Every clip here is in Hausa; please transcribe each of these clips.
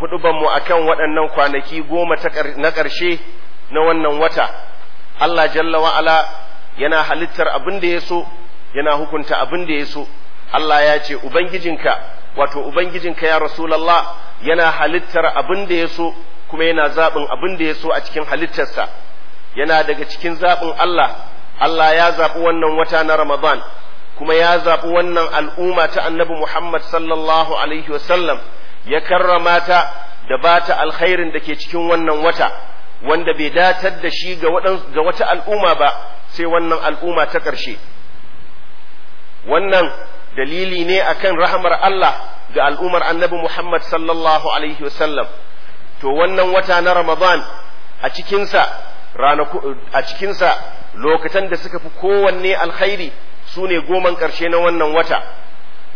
hudubanmu a kan waɗannan kwanaki goma na ƙarshe na wannan wata Allah jalla wa'ala yana halittar abin da ya so yana hukunta abin da ya so Allah ya ce ubangijinka wato ubangijinka ya rasulallah yana halittar abin da ya so kuma yana zaɓin abin da ya so a cikin halittarsa yana daga cikin zaɓin Allah Allah ya zaɓi wannan wata na Ramadan kuma ya zaɓi wannan al'umma ta annabi Muhammad sallallahu alaihi wasallam ya karrama ta da ba ta alkhairin da ke cikin wannan wata wanda bai datar da shi ga wata al'umma ba sai wannan al'umma ta ƙarshe wannan dalili ne akan rahmar Allah ga al'ummar annabi Muhammad sallallahu alaihi wasallam to wannan wata na Ramadan a cikinsa a cikinsa lokacin da suka fi kowanne alkhairi su ne goman ƙarshe na wannan wata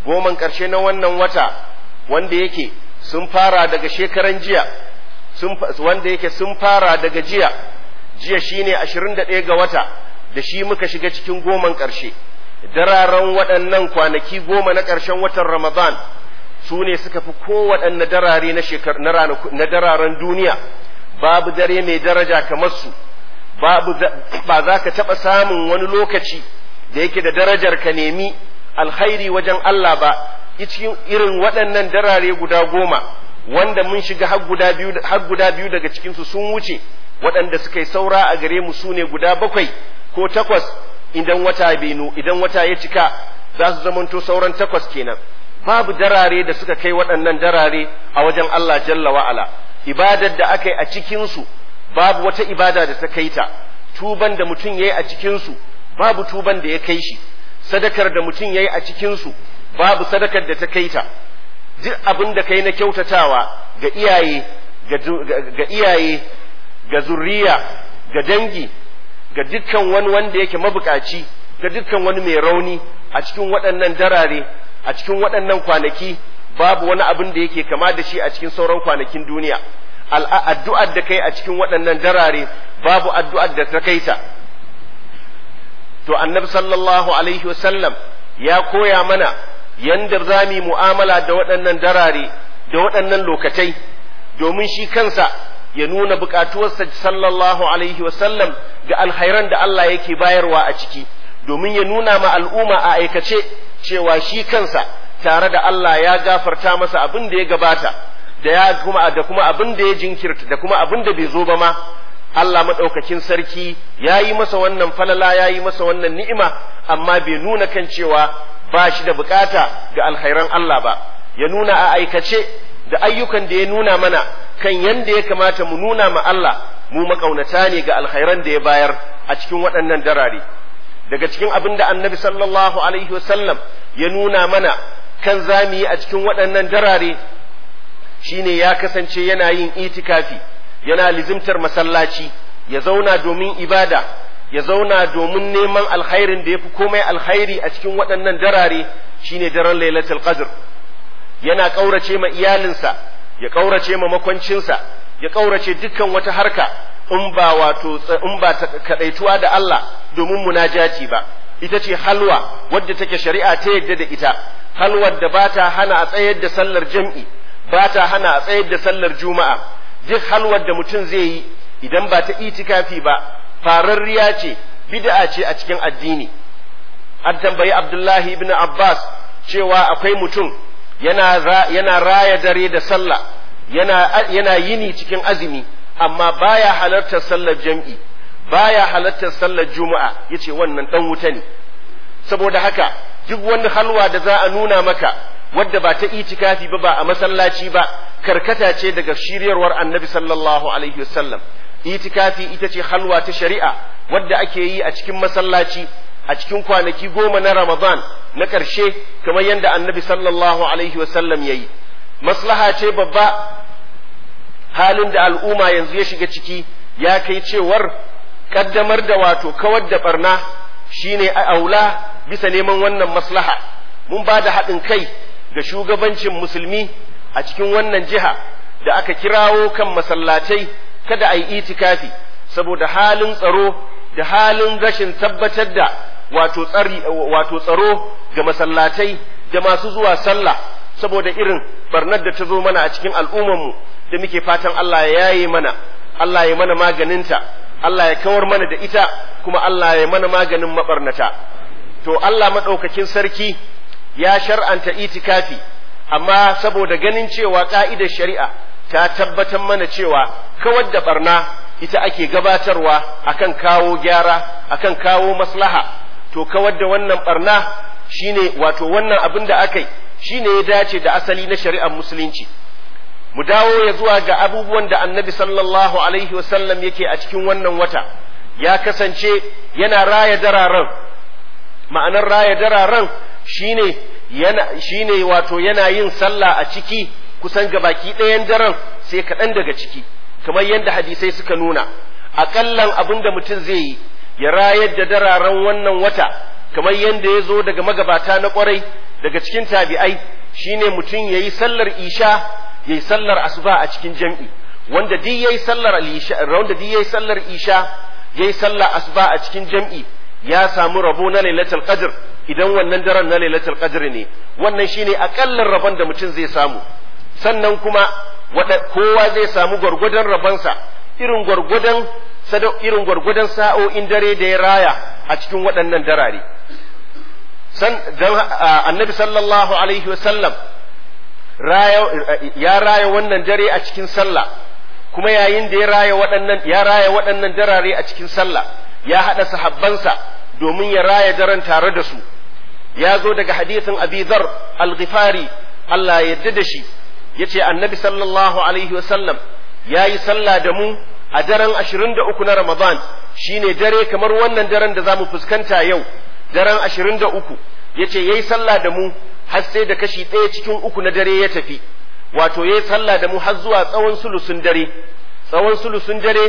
goman ƙarshe na wannan wata wanda yake sun fara daga shekaran jiya wanda yake sun fara daga jiya jiya shine 21 ga wata da shi muka shiga cikin goman ƙarshe dararen waɗannan kwanaki goma na ƙarshen watan ramadan su ne suka fi kowaɗanne darare na dararen duniya babu dare mai daraja kamar su ba za ka taɓa samun wani lokaci da yake da darajar ka nemi alkhairi wajen Allah ba cikin irin waɗannan darare guda goma wanda mun shiga har guda biyu daga cikinsu sun wuce waɗanda suka yi saura a gare mu sune guda bakwai ko takwas idan wata benu idan wata ya cika za su zamanto sauran takwas kenan babu darare da suka kai waɗannan darare a wajen Allah jalla wa'ala ibadar da aka yi a cikinsu babu wata ibada da ta kai ta tuban da mutum ya yi a cikinsu babu tuban da ya kai shi sadakar da mutum ya yi a cikinsu babu sadakar da ta kai ta, duk abin da kai na kyautatawa ga iyaye ga iyaye ga zurriya ga dangi ga dukkan wani wanda yake mabukaci ga dukkan wani mai rauni a cikin waɗannan darare a cikin waɗannan kwanaki babu wani abin da yake kama da shi a cikin sauran kwanakin duniya addu'ar da kai a cikin waɗannan darare babu addu'ar da ta kai ta. to annabi sallallahu alaihi wasallam ya koya mana yanda za mu mu'amala da waɗannan darare da waɗannan lokatai domin shi kansa ya nuna buƙatuwarsa sallallahu alaihi wasallam ga alhairan da Allah yake bayarwa a ciki domin ya nuna ma al'umma a aikace cewa shi kansa tare da Allah ya gafarta masa abin da ya gabata da ya kuma da kuma abin da ya jinkirta da kuma abin da bai zo ba ma Allah maɗaukakin sarki ya yi masa wannan falala ya yi masa wannan ni'ima amma bai nuna kan cewa ba shi da bukata ga alkhairan Allah ba ya nuna a aikace da ayyukan da ya nuna mana kan yanda ya kamata mu nuna ma Allah mu makaunata ne ga alkhairan da ya bayar a cikin waɗannan darare daga cikin abin da annabi sallallahu alaihi wasallam ya nuna mana kan zamu yi a cikin waɗannan darare shine ya kasance yana yin itikafi yana lizimtar masallaci ya zauna domin ibada ya zauna domin neman alkhairin da ya fi komai alkhairi a cikin waɗannan darare shine daren lailatul qadr yana ƙaurace ma iyalinsa ya ƙaurace ma makwancinsa ya ƙaurace dukkan wata harka in ba wato in ba kaɗaituwa da Allah domin munajati ba ita ce halwa wadda take shari'a ta yadda da ita halwar da ba ta hana a tsayar da sallar jam'i ba ta hana a tsayar da sallar juma'a duk halwar da mutum zai yi idan ba ta itikafi ba fararriya ce bid'a ce a cikin addini an tambayi abdullahi ibn abbas cewa akwai mutum yana yana raya dare da sallah yana yana yini cikin azumi amma baya halartar sallar jam'i baya halartar sallar juma'a yace wannan dan wuta ne saboda haka duk wani halwa da za a nuna maka wadda ba ta itikafi ba ba a masallaci ba karkata ce daga shiryarwar annabi sallallahu alaihi wasallam itikafi ita ce halwa ta shari'a wadda ake yi a cikin masallaci a cikin kwanaki goma na ramadan na ƙarshe kamar yadda annabi sallallahu alaihi wasallam ya yi maslaha ce babba halin da al'umma yanzu ya shiga ciki ya kai cewar kaddamar da wato kawar da barna shine a aula bisa neman wannan maslaha mun ba da haɗin kai ga shugabancin musulmi a cikin wannan jiha da aka kirawo kan masallatai kada a yi itikafi saboda halin tsaro da halin rashin tabbatar da wato wato tsaro ga masallatai da masu zuwa sallah saboda irin barnar da ta zo mana a cikin mu. da muke fatan Allah ya yaye mana Allah ya mana maganinta Allah ya kawar mana da ita kuma Allah ya mana maganin mabarnata to Allah madaukakin sarki ya shar'anta itikafi amma saboda ganin cewa ka'idar shari'a ta tabbatar mana cewa kawar da barna ita ake gabatarwa akan kawo gyara akan kawo maslaha to kawar da wannan barna shine wato wannan abin da aka yi shine ya dace da asali na shari'ar musulunci mu dawo ya zuwa ga abubuwan da annabi sallallahu alaihi wasallam yake a cikin wannan wata ya kasance yana raya dararen ma'anar raya dararen shine yana shine wato yana yin sallah a ciki kusan gabaki ɗayan daren sai kaɗan daga ciki kamar yadda hadisai suka nuna aƙallan abin da mutum zai yi ya rayar da dararen wannan wata kamar yadda ya zo daga magabata na ƙwarai daga cikin tabi'ai shine mutum ya yi sallar isha ya yi sallar asuba a cikin jam'i wanda duk ya yi sallar isha ya yi sallar isha asuba a cikin jam'i ya samu rabo na lailatul qadr idan wannan daren na lailatul qadr ne wannan shine aƙallan rabon da mutum zai samu sannan kuma kowa zai samu gwargwadon rabonsa irin gwargwadon irin gwargwadon sa'o'in dare da ya raya a cikin waɗannan darare annabi sallallahu alaihi wasallam ya raya wannan dare a cikin sallah kuma yayin da ya raya waɗannan ya raya waɗannan darare a cikin sallah ya haɗa sahabbansa domin ya raya daren tare da su ya zo daga hadisin abi dhar al-ghifari Allah ya yarda da shi yace annabi sallallahu alaihi wa sallam yayi sallah da mu a daren 23 na Ramadan shine dare kamar wannan daren da zamu fuskanta yau daren 23 yace yayi sallah da mu har sai da kashi ɗaya cikin uku na dare ya tafi wato yayi sallah da mu har zuwa tsawon sulusun dare tsawon sulusun dare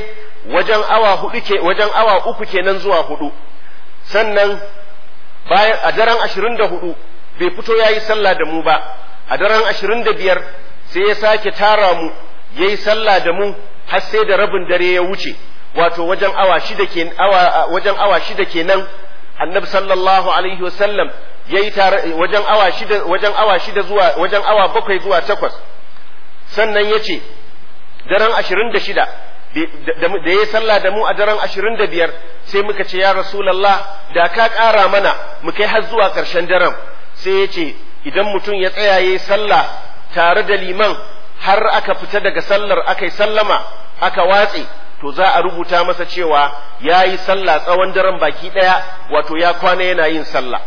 wajen awa hudu ke wajen awa uku kenan zuwa hudu sannan bayan a daren 24 bai fito yayi sallah da mu ba a daren 25 sai ya sake tara mu ya yi sallah da mu har sai da rabin dare ya wuce wato wajen awa shida ke awa wajen awa shida kenan annabi sallallahu alaihi wasallam yayi wajen awa shida wajen awa shida zuwa wajen awa bakwai zuwa takwas sannan yace daren 26 da ya sallah da mu a daren 25 sai muka ce ya rasulullah da ka kara mana mu kai har zuwa karshen daren sai yace idan mutum ya tsaya yayi sallah tare da liman har aka fita daga sallar aka yi sallama aka watse to za a rubuta masa cewa ya yi sallah tsawon daren baki ɗaya wato ya kwana yana yin sallah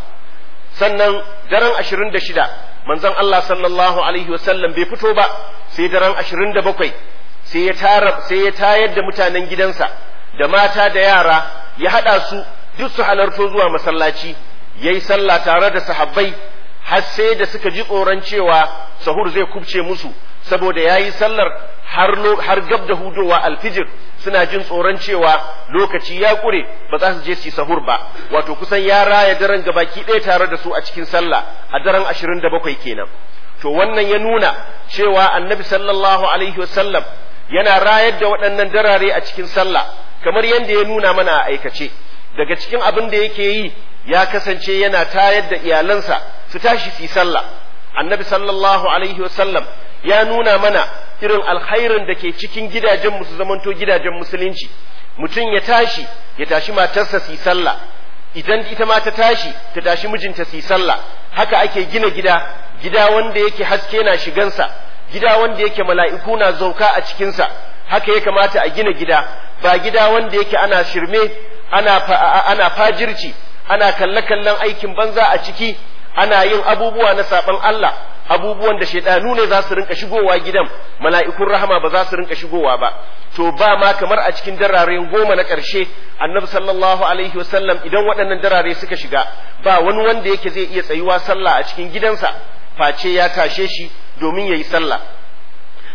sannan daren ashirin da shida manzon Allah sallallahu alaihi wasallam bai fito ba sai daren ashirin da bakwai sai ya tayar da mutanen gidansa da mata da yara ya haɗa su duk su halarto zuwa masallaci ya yi sallah tare da sahabbai har sai da suka ji tsoron cewa sahur zai kubce musu saboda ya yi sallar har gab da hudowa alfijir suna jin tsoron cewa lokaci ya ƙure ba za su je su sahur ba wato kusan ya raya daren gabaki ɗaya tare da su a cikin sallah a daren ashirin da bakwai kenan to wannan ya nuna cewa annabi sallallahu alaihi wasallam yana rayar da waɗannan darare a cikin sallah kamar yadda ya nuna mana a aikace daga cikin abin da yake yi ya kasance yana tayar da iyalansa su tashi su sallah annabi sallallahu alaihi wasallam ya nuna mana irin alkhairin da ke cikin gidajen su zamanto gidajen musulunci mutum ya tashi ya tashi matarsa su sallah idan ita ma ta tashi ta tashi mijinta su sallah haka ake gina gida gida wanda yake haske na shigansa gida wanda yake mala'iku na zauka a cikinsa haka ya kamata a gina gida ba gida wanda yake ana shirme ana ana fajirci ana kalle-kallen aikin banza a ciki ana yin abubuwa na saɓan Allah abubuwan da shaidanu ne za su rinka shigowa gidan mala'ikun rahama ba za su rinka shigowa ba to ba ma kamar a cikin darare goma na ƙarshe annabi sallallahu alaihi wasallam idan waɗannan darare suka shiga ba wani wanda yake zai iya tsayuwa sallah a cikin gidansa face ya tashe shi domin ya yi sallah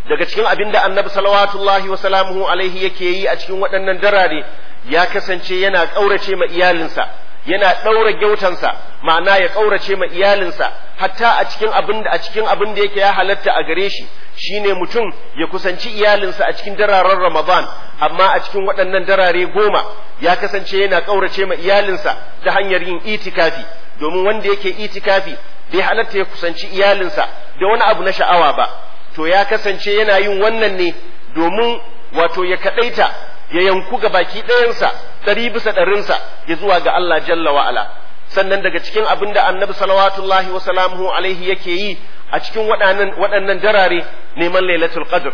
daga cikin abin da annabi salawatullahi wa salamuhu yake yi a cikin waɗannan darare ya kasance yana ƙaurace ma iyalinsa yana ɗaura gyautansa ma'ana ya ƙaurace ma iyalinsa hatta a cikin abin da a cikin abin da yake ya halatta a gare shi shine mutum ya kusanci iyalinsa a cikin dararen Ramadan amma a cikin waɗannan darare goma ya kasance yana ƙaurace ma iyalinsa ta hanyar yin itikafi domin wanda yake itikafi bai halatta ya kusanci iyalinsa da wani abu na sha'awa ba to ya kasance yana yin wannan ne domin wato ya kaɗaita ya yanku ga baki ɗayansa ɗari bisa ɗarinsa ya zuwa ga Allah jalla wa'ala sannan daga cikin abin da annabi salawatullahi wa salamuhu alaihi yake yi a cikin waɗannan darare neman lailatul qadr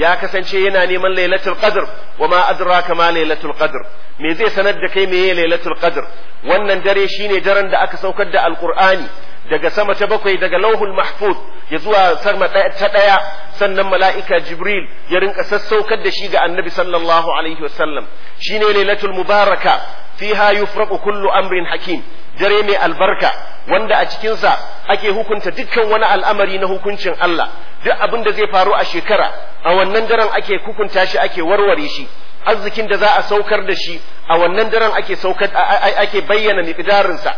ya kasance yana neman lailatul qadr wa ma adraka ma lailatul qadr me zai sanar da kai meye lailatul qadr wannan dare shine daren da aka saukar da alqur'ani daga sama ta bakwai daga lauhul mahfuz ya zuwa sama ta ɗaya sannan mala'ika jibril ya rinka sassaukar da shi ga annabi sallallahu alaihi wasallam shine lailatul mubaraka fiha yufraqu kullu amrin hakim dare mai albarka wanda a cikinsa ake hukunta dukkan wani al'amari na hukuncin Allah duk abin da zai faru a shekara a wannan daren ake hukunta shi ake warware shi arzikin da za a saukar da shi a wannan daren ake bayyana miqdarinsa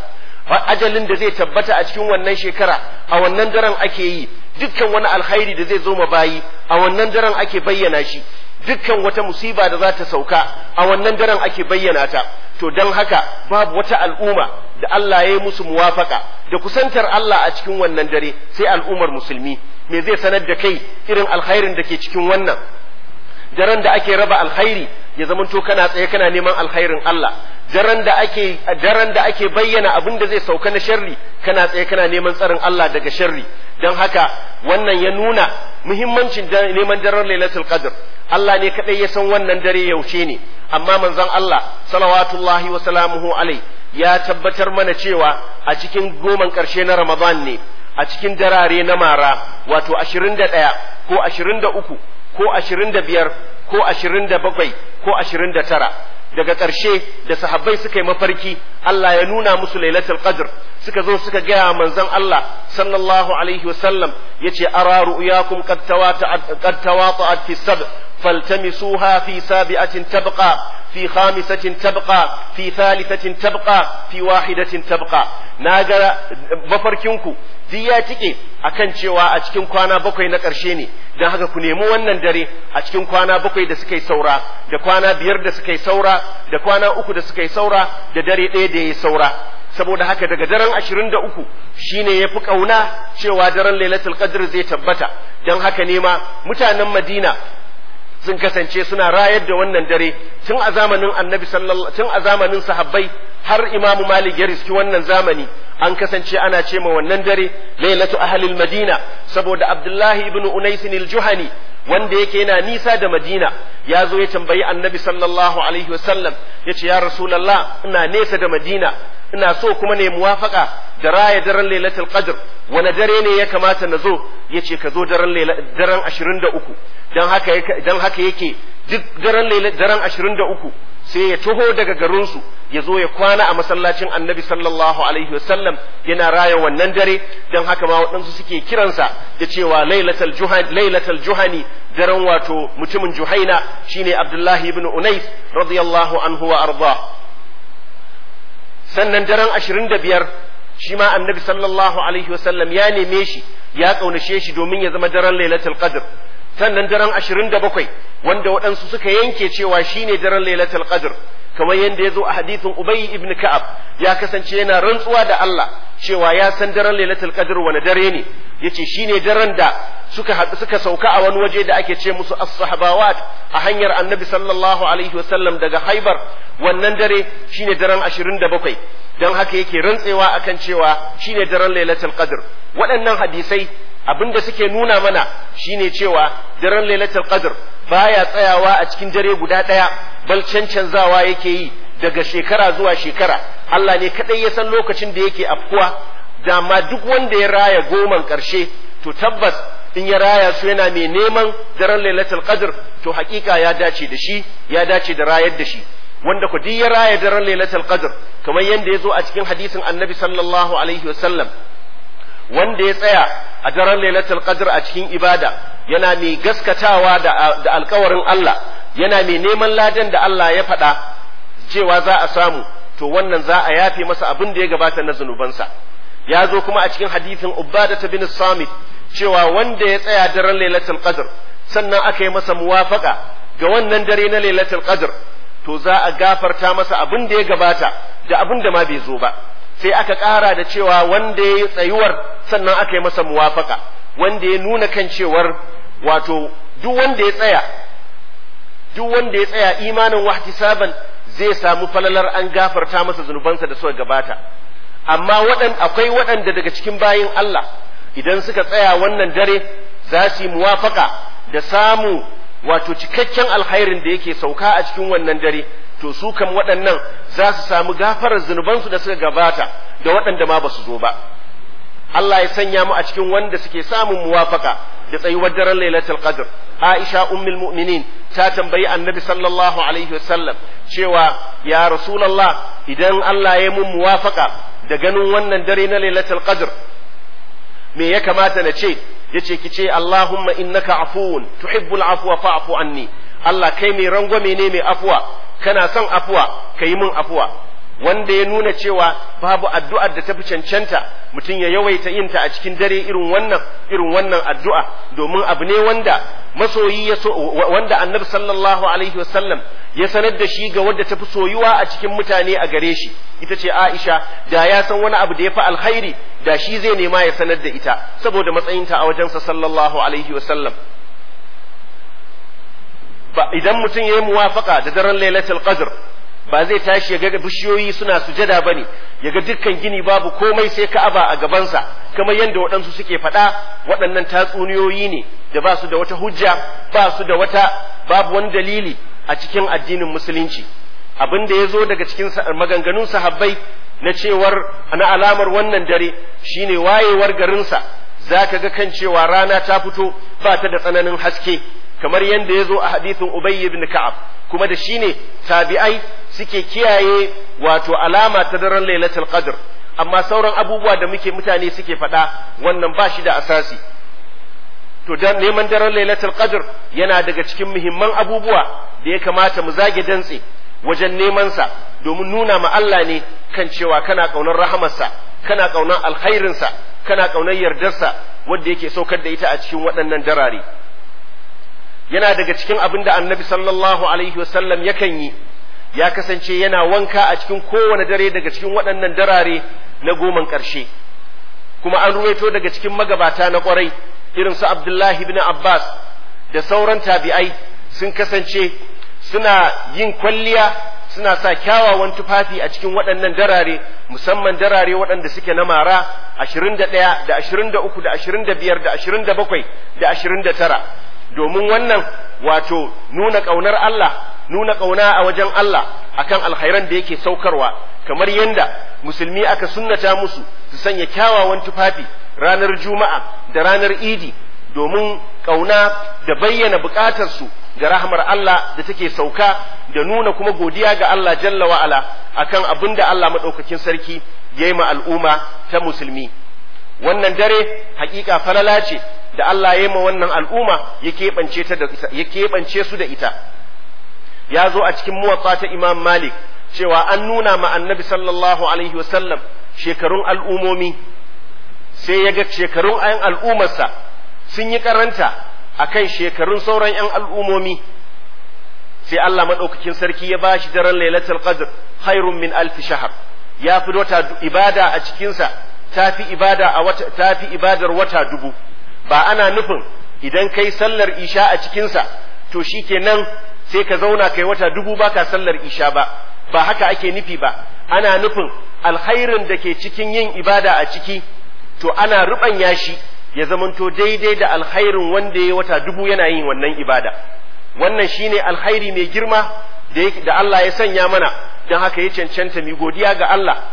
ajalin da zai tabbata a cikin wannan shekara a wannan daren ake yi dukkan wani alkhairi da zai zo ma bayi a wannan daren ake bayyana shi dukkan wata musiba da za ta sauka a wannan daren ake bayyana ta to don haka babu wata al'umma da Allah ya yi musu muwafaka da kusantar Allah a cikin wannan dare sai al'ummar musulmi me zai sanar da kai irin alkhairin da ke cikin wannan daren da ake raba alkhairi ya zamanto kana tsaye kana neman alkhairin Allah daren da ake jaran da ake bayyana abin da zai sauka na sharri kana tsaye kana neman tsarin Allah daga sharri don haka wannan ya nuna muhimmancin neman daren lailatul qadr Allah ne kadai ya san wannan dare yaushe ne amma manzon Allah salawatullahi wa salamuhu alai ya tabbatar mana cewa a cikin goman karshe na Ramadan ne a cikin darare na mara wato 21 ko 23 ko ashirin da biyar ko ashirin da bakwai ko ashirin da tara daga ƙarshe da sahabbai suka yi mafarki Allah ya nuna musu lailatul qadr suka zo suka gaya manzon Allah sallallahu alaihi wasallam yace ara ru'yakum qad tawata'at qad tawata'at fi sab' فالتمسوها في سابعة تبقى في خامسة تبقى في ثالثة تبقى في واحدة تبقى ناجا مفركينكو duk ya tike akan cewa a cikin kwana bakwai na ƙarshe ne don haka ku nemi wannan dare a cikin kwana bakwai da suka yi saura da kwana biyar da suka yi saura da kwana uku da suka yi saura da dare ɗaya da ya yi saura saboda haka daga daren ashirin da uku shine ya fi ƙauna cewa daren lailatul qadr zai tabbata don haka ne ma mutanen madina sun kasance suna rayar da wannan dare tun a zamanin annabi sallallahu tun a zamanin sahabbai har imamu malik ya riski wannan zamani an kasance ana ce ma wannan dare lailatu ahlil madina saboda abdullahi ibn unais al-juhani wanda yake yana nisa da madina ya zo ya tambayi annabi sallallahu alaihi wasallam ya ce ya rasulallah ina nesa da madina ina so kuma ne muwafaka da raya daren lailatul qadr wani dare ne ya kamata na zo yace ka zo daren daren 23 dan haka dan haka yake duk daren daren 23 sai ya taho daga garinsu ya zo ya kwana a masallacin annabi sallallahu alaihi wasallam yana raya wannan dare don haka ma waɗansu suke kiransa da cewa lailatul juhani daren wato mutumin juhaina shine abdullahi ibn unais radiyallahu anhu wa arda sannan daren ashirin da biyar shi ma annabi sallallahu alaihi wasallam ya neme shi ya ƙaunashe shi domin ya zama daren lailatul qadr sannan daren ashirin da bakwai wanda waɗansu suka yanke cewa shine daren lailatul qadr kamar yadda ya zo a hadithin ubay ibn ka'ab ya kasance yana rantsuwa da Allah cewa ya san daren lailatul qadr wani dare ne yace shine daren da suka suka sauka a wani waje da ake ce musu as-sahabawat a hanyar annabi sallallahu alaihi wasallam daga haibar wannan dare shine daren ashirin da bakwai don haka yake rantsewa akan cewa shine daren lailatul qadr waɗannan hadisai abin da suke nuna mana shine cewa daren lailatul qadr baya tsayawa a cikin dare guda ɗaya bal cancanzawa yake yi daga shekara zuwa shekara Allah ne kadai ya san lokacin da yake afkuwa dama duk wanda ya raya goman ƙarshe to tabbas in ya raya su yana mai neman daren lailatul qadr to hakika ya dace da shi ya dace da rayar da shi wanda ku ya raya daren lailatul qadr kamar yanda ya zo a cikin hadisin annabi sallallahu alaihi wasallam wanda ya tsaya a daren lailatul qadr a cikin ibada yana mai gaskatawa da, da alkawarin Allah yana mai neman ladan da Allah ya faɗa cewa za a samu to wannan za a yafe masa abin da ya gabata na zunubansa ya zo kuma a cikin hadithin ubada ta bin samit cewa wanda ya tsaya daren lailatul qadr sannan aka yi masa muwafaka ga wannan dare na lailatul qadr to za a gafarta masa abin da ya gabata da abin da ma bai zo ba sai aka ƙara da cewa wanda ya yi tsayuwar sannan aka yi masa muwafaka wanda ya nuna kan cewar wato duk wanda ya tsaya duk wanda ya tsaya imanin saban zai samu falalar an gafarta masa zunubansa da suka gabata amma waɗan akwai waɗanda daga cikin bayin Allah idan suka tsaya wannan dare za su yi muwafaka da samu wato cikakken alkhairin da yake sauka a cikin wannan dare to su kam waɗannan za su samu gafarar zunubansu da suka gabata da waɗanda ma ba su zo ba Allah ya sanya mu a cikin wanda suke samun muwafaka da tsayuwar daren lailatul qadr Aisha ummul mu'minin ta tambayi Annabi sallallahu alaihi wasallam cewa ya Rasulullah idan Allah ya mun muwafaka da ganin wannan dare na lailatul qadr me ya kamata na ce yace ki ce Allahumma innaka afuwun tuhibbul afwa fa'fu anni Allah kai mai rangwame ne mai afuwa kana son afuwa ka yi min afuwa wanda ya nuna cewa babu addu'ar da ta fi cancanta mutum ya yawaita yin ta a cikin dare irin wannan irin wannan addu'a domin abu ne wanda masoyi ya so wanda annabi sallallahu alaihi wasallam ya sanar da shi ga wadda fi soyuwa a cikin mutane a gare shi ita ce Aisha da ya san wani abu da ya fi alkhairi da shi zai nema ya sanar da ita saboda matsayinta a wajensa sallallahu alaihi wasallam idan mutum ya yi muwafaka da daren lailatul qadr ba zai tashi ya ga bishiyoyi suna sujada bane ya ga dukkan gini babu komai sai ka'aba a gabansa kamar yadda waɗansu suke faɗa waɗannan tatsuniyoyi ne da ba su da wata hujja ba su da wata babu wani dalili a cikin addinin musulunci abin da ya zo daga cikin maganganun sahabbai na cewar na alamar wannan dare shine wayewar garinsa za ka ga kan cewa rana ta fito ba ta da tsananin haske kamar yadda ya zo a hadithin Ubayy ibn Ka'ab kuma da shine tabi'ai suke kiyaye wato alama ta daren Lailatul Qadr amma sauran abubuwa da muke mutane suke faɗa wannan ba shi da asasi to dan neman daren Lailatul Qadr yana daga cikin muhimman abubuwa da ya kamata mu zage dantse wajen neman sa domin nuna ma Allah ne kan cewa kana kaunar rahamarsa kana kaunar alkhairinsa kana kaunar yardarsa wanda yake saukar da ita a cikin waɗannan darare yana daga cikin abin da annabi sallallahu alaihi wasallam yakan yi ya kasance yana wanka a cikin kowane dare daga cikin waɗannan darare na goman ƙarshe kuma an ruwaito daga cikin magabata na ƙwarai irin su abdullahi bin abbas da sauran tabi'ai sun kasance suna yin kwalliya suna sa kyawawan tufafi a cikin waɗannan darare musamman darare waɗanda suke na mara 21 da 23 da 25 da 27 da 29 domin wannan wato nuna ƙaunar Allah nuna ƙauna a wajen Allah akan alkhairan da yake saukarwa kamar yadda musulmi aka sunnata musu su sanya kyawawan tufafi ranar juma'a da ranar idi domin ƙauna da bayyana buƙatarsu ga rahmar Allah da take sauka da nuna kuma godiya ga Allah jalla wa'ala akan abin da Allah maɗaukakin sarki ya yi ma al'umma ta musulmi wannan dare haƙiƙa falala ce da Allah ya yi ma wannan al'umma ya keɓance su da ita ya zo a cikin muwatsa ta imam malik cewa an nuna ma annabi sallallahu alaihi wasallam shekarun al'umomi sai ya ga shekarun ayan al'umarsa sun yi karanta akan shekarun sauran yan al'umomi sai Allah maɗaukakin sarki ya bashi daren lailatul qadr khairun min alf shahr ya fi wata ibada a cikinsa tafi ibada a wata tafi ibadar wata dubu ba ana nufin idan kai sallar isha a cikinsa to shi kenan sai ka zauna kai wata dubu ba ka sallar isha ba ba haka ake nufi ba ana nufin alkhairin da ke cikin yin ibada a ciki to ana ruɓanya shi ya zamanto daidai da alkhairin wanda ya wata dubu yana yin wannan ibada wannan shine alkhairi mai girma da Allah ya sanya mana don haka ya cancanta mi godiya ga Allah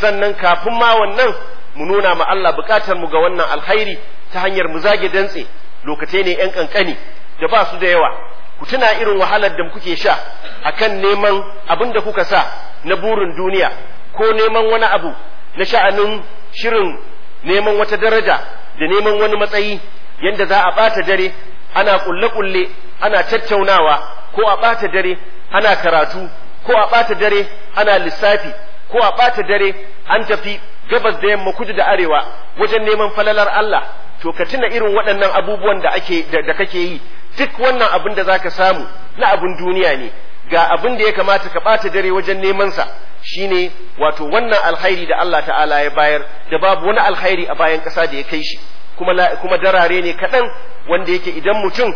sannan kafin ma wannan mu nuna ma Allah bukatar mu ga wannan alkhairi ta hanyar mu zage dantse lokacai ne yan kankani da ba su da yawa ku tuna irin wahalar da kuke sha akan neman abin da kuka sa na burin duniya ko neman wani abu na sha'anin shirin neman wata daraja da neman wani matsayi yanda za a bata dare ana kulle-kulle ana tattaunawa ko a bata dare ana karatu ko a bata dare ana lissafi ko a bata dare an tafi gabas da yamma kudu da arewa wajen neman falalar Allah to ka tuna irin waɗannan abubuwan da ake da kake yi duk wannan abin da zaka samu na abin duniya ne ga abin da ya kamata ka ɓata dare wajen neman sa shine wato wannan alkhairi da Allah ta'ala ya bayar da babu wani alkhairi a bayan ƙasa da ya kai shi kuma kuma darare ne kaɗan wanda yake idan mutum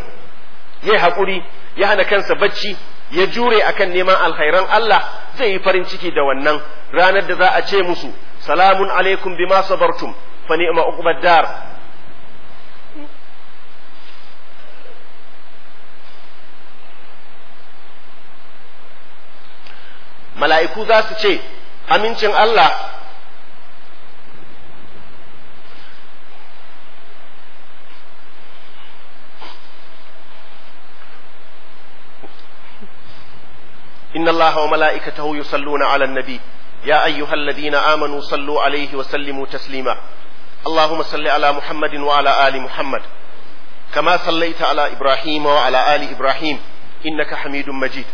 yayi haƙuri ya hana kansa bacci ya jure akan neman alkhairan Allah zai yi farin ciki da wannan ranar da za a ce musu salamun alaikum bima sabartum fa ni'ma uqbad dar mala'iku za su ce amincin Allah إن الله وملائكته يصلون على النبي يا أيها الذين آمنوا صلوا عليه وسلموا تسليما اللهم صل على محمد وعلى آل محمد كما صليت على إبراهيم وعلى آل إبراهيم إنك حميد مجيد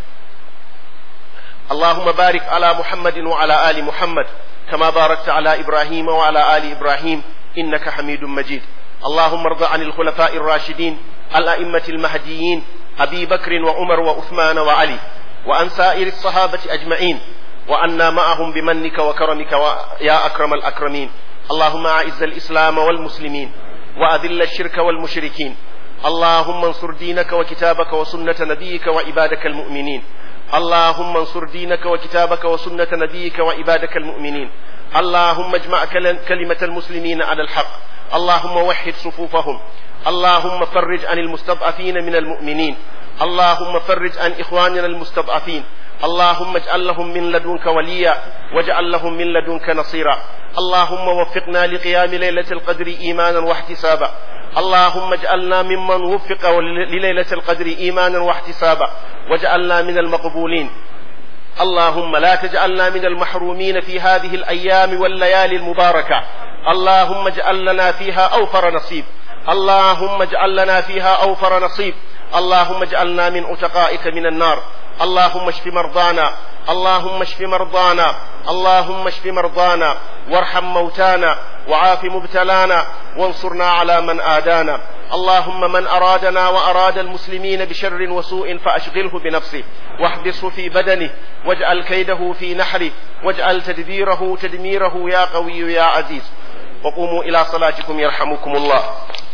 اللهم بارك على محمد وعلى آل محمد كما باركت على إبراهيم وعلى آل إبراهيم إنك حميد مجيد اللهم ارض عن الخلفاء الراشدين الأئمة المهديين أبي بكر وعمر وعثمان وعلي وأن سائر الصحابة أجمعين وأنا معهم بمنك وكرمك يا أكرم الأكرمين اللهم أعز الإسلام والمسلمين وأذل الشرك والمشركين اللهم انصر دينك وكتابك وسنة نبيك وعبادك المؤمنين اللهم انصر دينك وكتابك وسنة نبيك وعبادك المؤمنين اللهم اجمع كلمة المسلمين على الحق اللهم وحد صفوفهم اللهم فرج عن المستضعفين من المؤمنين اللهم فرج عن إخواننا المستضعفين اللهم اجعل لهم من لدنك وليا واجعل لهم من لدنك نصيرا اللهم وفقنا لقيام ليلة القدر إيمانا واحتسابا اللهم اجعلنا ممن وفق لليلة القدر إيمانا واحتسابا واجعلنا من المقبولين اللهم لا تجعلنا من المحرومين في هذه الأيام والليالي المباركة اللهم اجعل لنا فيها أوفر نصيب اللهم اجعل لنا فيها أوفر نصيب اللهم اجعلنا من عتقائك من النار اللهم اشف مرضانا اللهم اشف مرضانا اللهم اشف مرضانا وارحم موتانا وعاف مبتلانا وانصرنا على من آدانا اللهم من أرادنا وأراد المسلمين بشر وسوء فأشغله بنفسه واحبسه في بدنه واجعل كيده في نحره واجعل تدبيره تدميره يا قوي يا عزيز وقوموا إلى صلاتكم يرحمكم الله